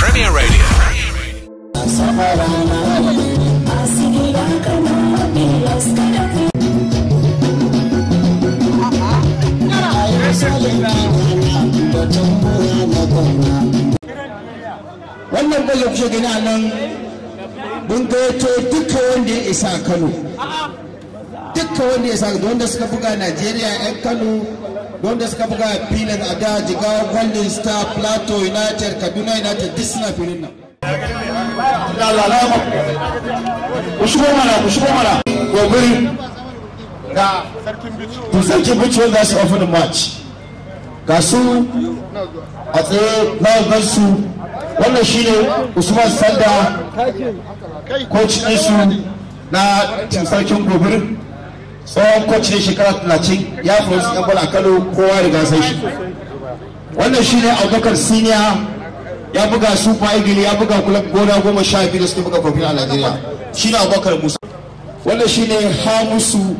Premier Radio. Wannan bai yaushe gani a nan mun gaito duka wanda ya isa Kano. Duka wanda ya isa kano wanda suka buga Najeriya 'yan Kano wanda suka buga filin a da jiga golden star plateau united kaduna united duk suna filin nan ku shigo ku shigo mana gobiri ga sarkin bici wanda su ofi da match ga su a tsaye na su wannan shine usman sanda coach ɗinsu na cin sarkin gobiri tsohon coach ne shekara talatin ya faru ɗan ɗanɓar a kano kowa riga sai shi wannan shi ne abubakar siniya ya buga super eagle ya buga kula gona goma sha biyu da suka buga kofin a najeriya shi ne abubakar musa wannan shi ne musu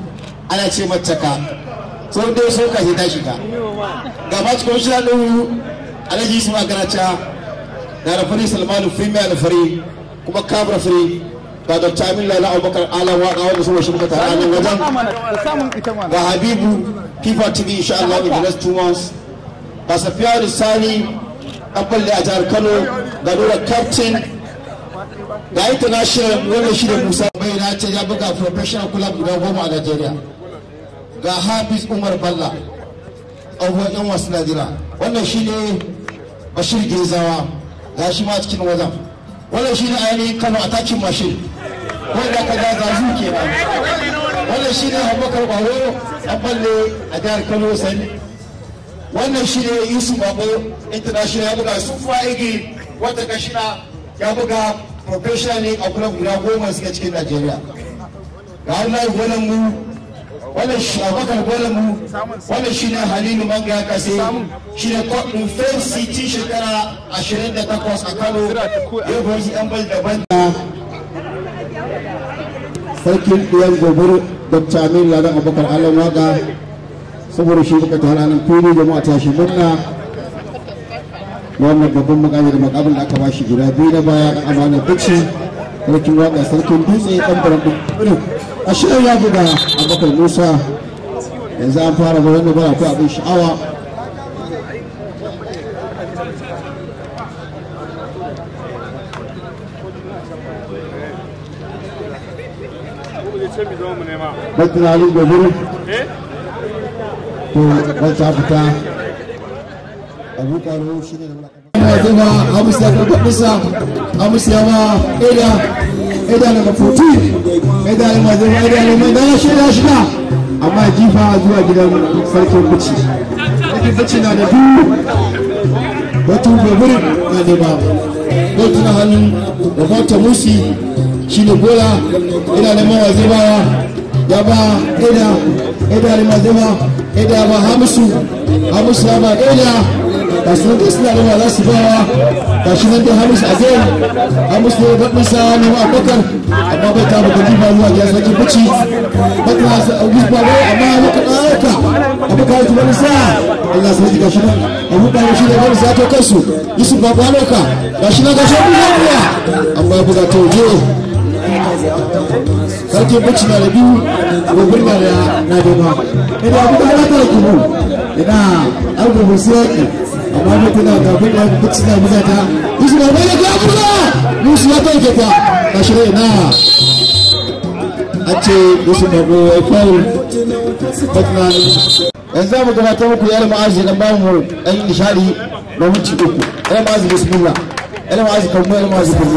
ana ce mataka sau dai sau ka ta shiga ga match commissioner ɗin alhaji isma garacha da rafari salmanu fimi rafari kuma kabra fari ga dokta amin lala abubakar alan waka wanda su wasu muka tare nan wajen ga habibu fifa tv insha Allah in the next two months ga safiya da sani abballe a jihar kano ga nura captain ga international wanda shi da musa bai na ce ya buga professional club guda goma a nigeria ga hafiz umar balla abubuwan yan wasu nadira wannan shi ne bashir gezawa ga shi ma cikin wajen wannan shi ne ainihin kano a takin mashin wanda ka ga zazu ke ba wannan shi ne abubakar baro a balle a jihar kano sani wannan shi ne yusuf babo international ya buga su fa igi wata kashina ya buga professional ne a kuma guda goma suka cikin najeriya ga hannun wannan mu wannan shi abubakar bola mu wannan shi ne halilu manga ya kase shi ne kwaɗin fair ci shekara 28 a kano yau ba shi yan bal daban da sarkin ɗiyan gobir dr amin ladan abubakar alam waga saboda shi suka tara nan fili da ta shi murna wannan babban makami da makamin da aka ba shi gida biyu na baya kan amana shi sarkin waga sarkin dutse ɗan baran ɗin ɗin a shirin ya buga abubakar musa yanzu an fara ga wani bara ko abin sha'awa Bakin Ali Gobir to wata fita abu karo shi ne da mulaka. Hamsa ka kaɓisa, hamsa ma ɗaya idanu mafuti idanu mazina idanu mazina shida shida amma jifa zuwa gidan sarki bici sarkin bici na da du batu gobirin na da ba batu na hannun da fata musi shi ne gola idanu mazina ya ba ida idanu mazina ida ba hamisu hamisu ya ba ida da sun gaskiya da su bawa ga nan dai hamis a zai hamis ne baɗinsa na ma'abokan amma bai ta bukati ba zuwa ya sake bici baɗin hasa a gudu ba wai amma muka ɗauka abu ka yi wani sa Allah sai ji gashi nan abu ba shi ne wani sa to kansu yusuf ba kwano ka gashi nan gashi wani zaniya amma buga ta waje sarki bici na da biyu gobe na da na da ba ina abu da halatar kuma ina abu da hussein wani kuna ga kuma duk suna ta duk suna buga ta buga musu ya bai ta a shirya na an ce musu na go faul fatna yanzu za mu gabatar muku yar ma'azi dan ba mu dan nishadi da mun uku yar ma'azi bismillah yar ma'azi kan mu yar ma'azi kan mu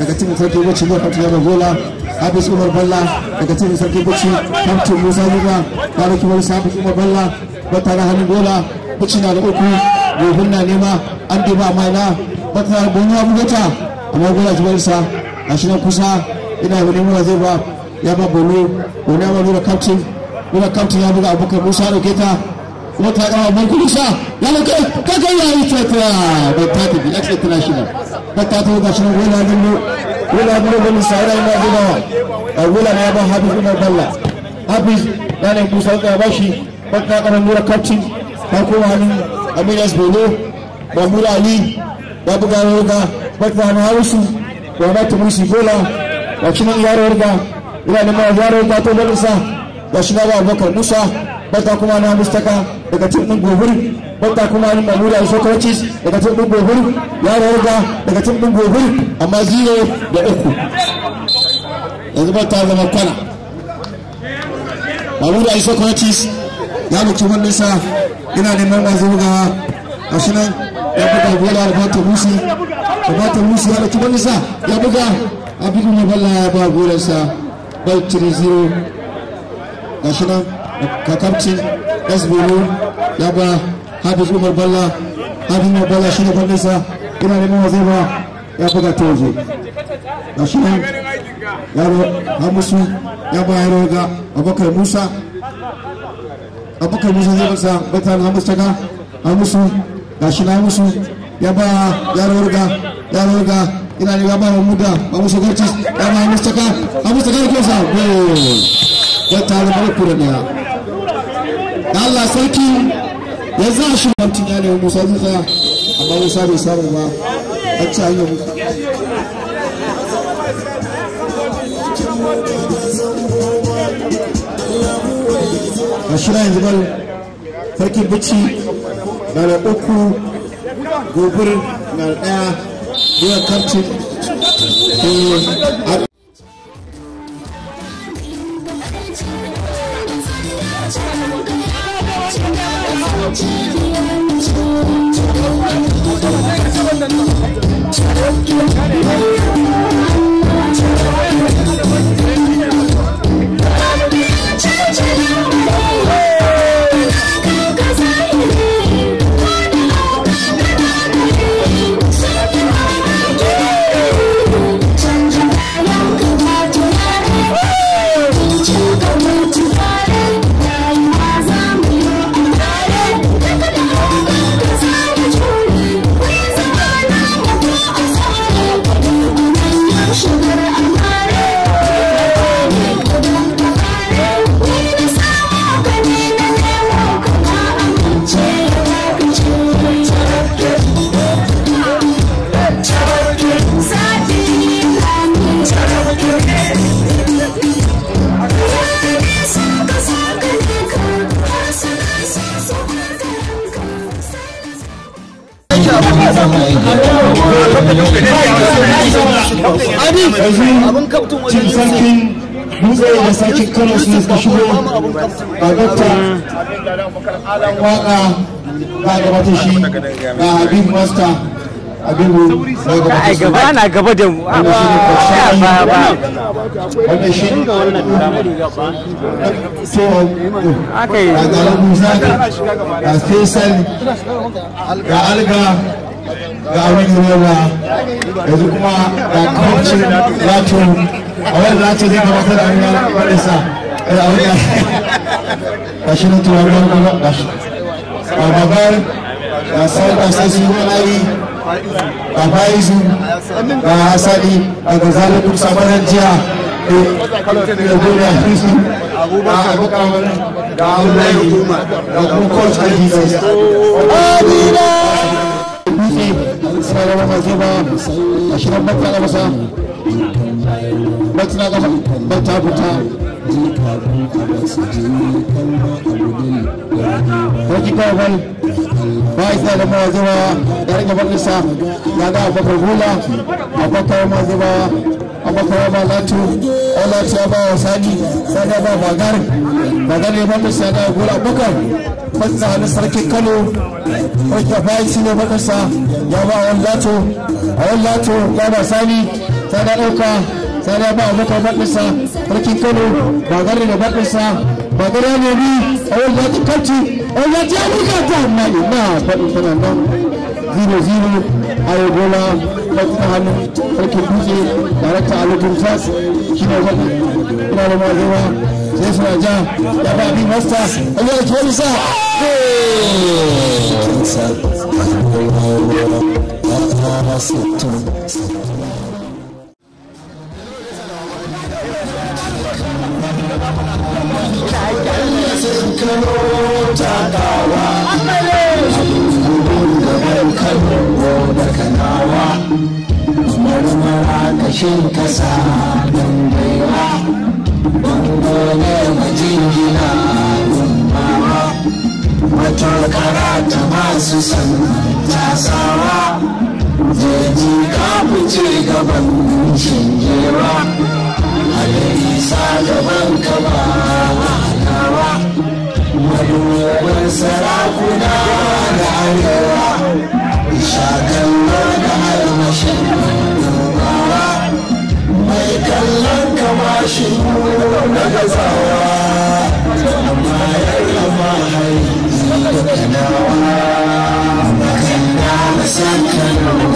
daga cikin sarki bacci ne kamtin da gola Hafiz umar balla daga cikin sarki bacci kamtin musa yuba kwanaki wani sabis umar balla bata na hannun gola bacci na da uku gobin na nema an diba maina bata na gona ya bugata amma gola jibarsa a shi na kusa ina wani mura zai ba ya ba bolo wani ya nuna kamtin nuna kamtin ya buga abokan musa da keta kuma ta kawo mai kudusa ya lokai kakai ya yi ta ba ta tafi shi national ka wula wula wani sa'ira yana a wula na ba hafiz umar balla hafiz ka ba shi bakka karan nura kaftin ta koma hannun aminas bolo mahmud ali ya buga ya wuga bakka na hausu wanda ta musu gola gashi yaro ina yaro to ba musa bata kuma na mustaka daga tim din gobir bata kuma ni mamuda sokocis daga tim din gobir ya rarga daga tim din gobir amma zero da uku yanzu bata zama kwana mamuda sokocis ya buci hannunsa yana neman masu bugawa a sunan ya buga bola da bata musi da bata musi ya buci hannunsa ya buga abin da balla ya ba golansa bai 3-0 ga shi nan kakabci sbulu ya ba hafiz umar balla hafiz umar balla shi ne kwanisa ina neman wazifa ya buga ta waje ga shi nan yaro hamusu ya ba yaro ga abokai musa abokai musa zai basa batan hamus ta ga hamusu ga shi nan hamusu ya ba yaro ga yaro ga ina ne ba muda ba musu garci ya ba hamus ta ga hamus ta ga kosa gol ya tare da kuren da Allah sarki yanzu a shugabancin ya nemi musa musa amma musa bai samu ba a ci hanyar musa a shira yanzu bal sarki bici na da uku gobir na da daya biyar karcin eh, tattalas ne suka shigo ga dokta waka ga gabatar shi ga habib masta abibu na gabatar na gaba da mu a ba ba wanda shi ga galabu zaka ga fesal ga alga ga abin yola yanzu kuma ga kawance kawacin lato a wani lati zai gabatar da abin yana marisa da eh, abin ya ga shi na tuwar gwamna ga shi ga babar ga sai ga sai su yi ga fa'izu ga asali daga zalibin sabanar jiya da dole a fi su ga abokan wani da abu da kuma kwanci a jesus ashirin bakta na masa bakta na bakta fita Wajib kawal Baik dari mazhaba Dari kabar nisa Nada apa berbula Apa kau mazhaba Apa kau malatu Allah siapa wasani Saya apa bagar Bagar yang mana saya gula bakar Masa ada sarki kalu Wajib baik sini bakar sa Ya ba Allah tu a yan lato yana sani sana ɗauka sana ba abokan baɗinsa sarkin kano ba gari da baɗinsa ba gari ya nemi a yan lato kanci a yan lato ya buga ta na ina baɗin tana nan zero zero a yi gola baɗin hannu sarkin dutse a lokacin sas shi ne baɗin ina da mazewa sai suna ja ya ba bi masta a yi lato wani sa sittin Kano takawa, gudun gaban Kano da Kanawa, marmara kashin kasa don baiwa, bango ne majingina rumbawa, matakara ta masu san tasawa. jeji ka mu ce gaban shingewa alai sa gaban ka ba nawa madoban sarakuna da arewa shakallo da almashin dubawa mai kallon kama shi na gazawa amma yallama hari da kanawa Santa Cruz.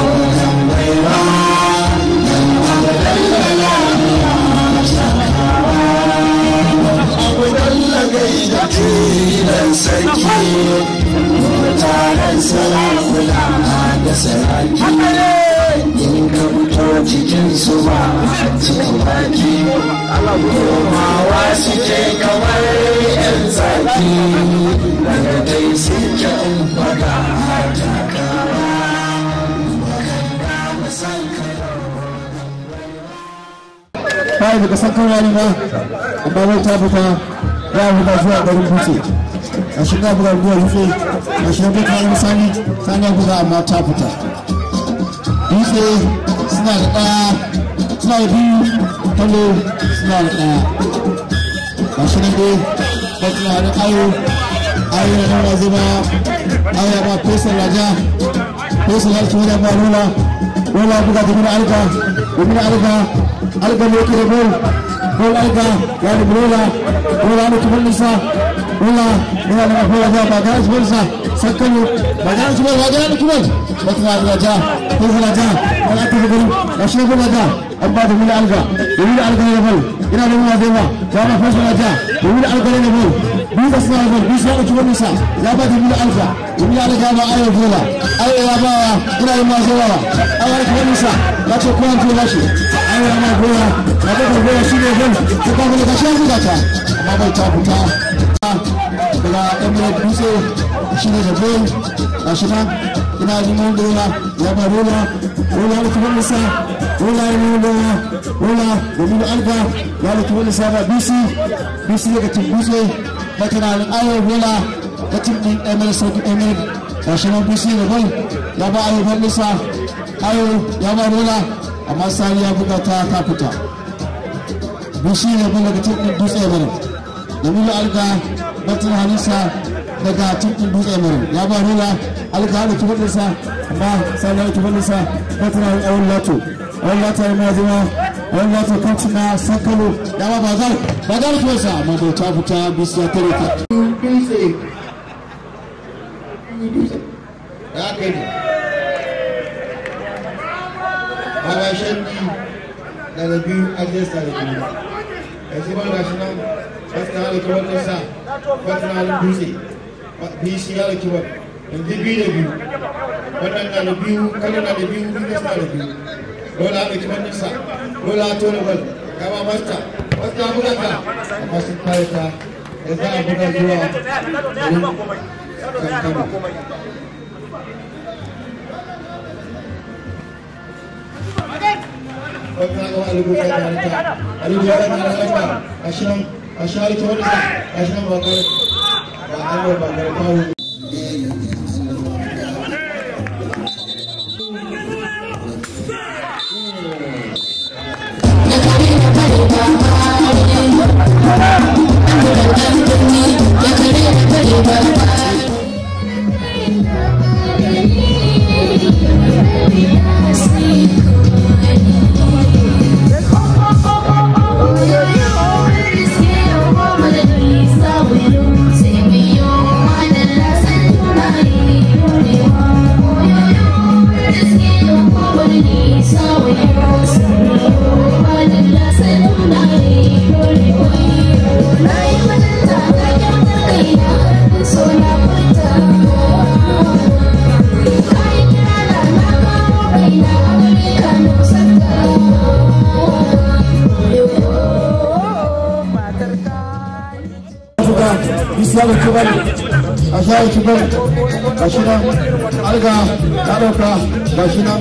dan sarki mutaren sarakuna da sarki in ka fito cikin su ba cikin baki komawa kamar yan daga dai Bayan da kasar kan rani ba, amma wata fita ya zuwa garin Butse. a na buga ruwa rufe gashi na buga wani sani sani buga amma ta fita dutse suna da ɗaya suna da biyu kwallo suna da ɗaya gashi na dai kwakwa da ayo ayo na nuna zuba ayo ba fesa raja fesa ya wajen ba nuna rola buga ta nuna alka nuna alka alka ne ke da bol bol alka ya da rola rola ne kuma nisa Ula, ula dengan bulaja bagas bursa sekali bagas bursa bagas kuat betul bulaja tu bulaja bagas tumi ya riga ma ayo goma ayo ya bawa ina yin masu yawa an wani nisa ya ce kuma tuwa shi ayo ya ma goma na kofar shi ne gom ta kafin da kashe yanzu ta amma bai ta fita daga emirate dutse shi ne da gom ga shi ina jin mun goma ya ba rola rola da kuma nisa rola ya mun goma rola da nuna alba ya da kuma nisa ba bisi bisi daga cin dutse ba tunanin ayo goma na tim ɗin emir sauki emir gashi nan busi da bal ya ba ayo bar nisa a ya ba rola amma sani ya buga ta kakuta busi da bal daga tim ɗin alga batin hannunsa daga tim ɗin dutse ya ba rola alga da kifar nisa amma sani ya kifar nisa batin hannun awon lato awon lato ya ma zama wanda ta kwanci na sakalo dama ba zai ba zai kuwa sa amma bai ta fita bisa tare ka. kano hawa shandi da biyu ajiyarsa da kuma yanzu ba ga shi nan wasu na da kiwon kasa wasu na da dutse biyu shi ya da kiwon yanzu biyu da biyu wannan na da biyu kano na da biyu biyu kasa da biyu dole a ɗauki wannan sa dole a tona bal gaba masta wasu ta buga ta amma sun kare ta yanzu a buga zuwa kankana Bagaimana kau alu buka mana? Alu buka mana mana? Ashram, Ashram itu mana? Ashram bakal, bakal bakal tahu. misali ci bari a shayi ci bari ga shi nan alga ta ɗauka ga shi nan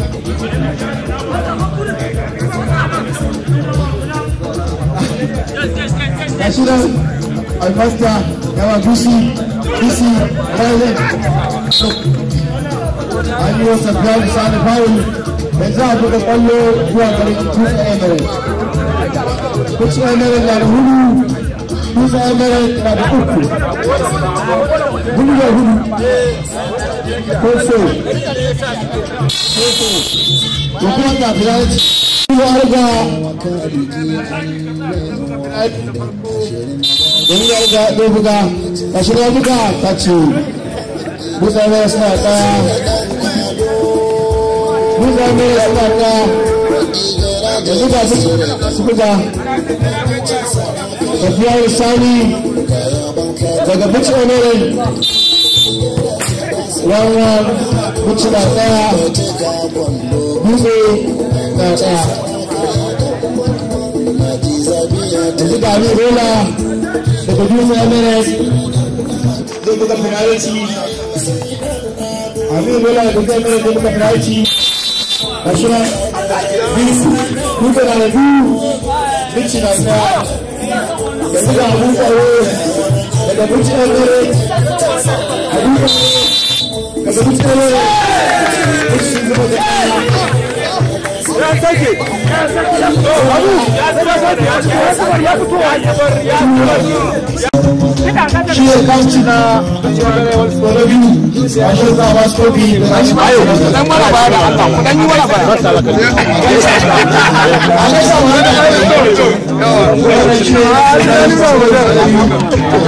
ga shi nan albasta yawa dusi dusi an yi wasa biya misali yanzu a kwallo zuwa garin na da hudu Musa ya mere na da uku gudu da gudu koso kuma ta fira kuma arga don ya riga ɗaya buga ta shirya buga ta ce Musa ya mere suna ta Musa ya mere suna ta yanzu ba su buga da fiyar sani daga buci onorin wawan buci na tsaya dutse na tsaya yanzu da abin rola daga dutse emirates zai buga firayici abin rola daga dutse emirates zai buga firayici ga shi na biyu na da biyu buci na tsaya yanzu abun tsaro daga buci ɓangare daga buci ɓangare buci zuba da ya sake abu ya fito ya fito ya fito shi na Thank you.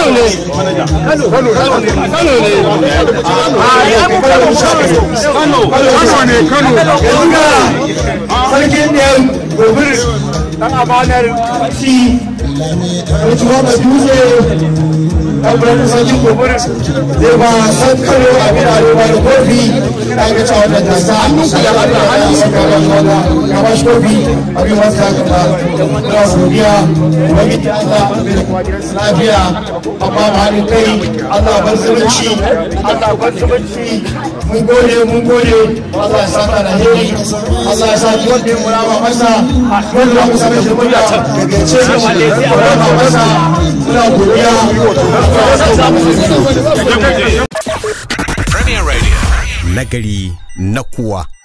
Kano ne. Kano Kano ne. Kano ne. Kano Kano ne Kano. Yanzu sarkin da gobir dan amanar shi. Wacce ba dutse ɗanɓarnin sarki gobarar zai ba san karo a bina roba da kofi na ga cewa wannan gasa an nuka da allah an yi suka ba shi wata kama shi kofi a bi wata gaba da godiya lafiya amma ma haɗin kai allah bar zumunci allah mun gode mun gode Allah ya saka da heri Allah ya sa ki wanda mu rama masa wanda mu sanar da murya daga ce wanda ya rama masa muna godiya Premier Radio nagari na kuwa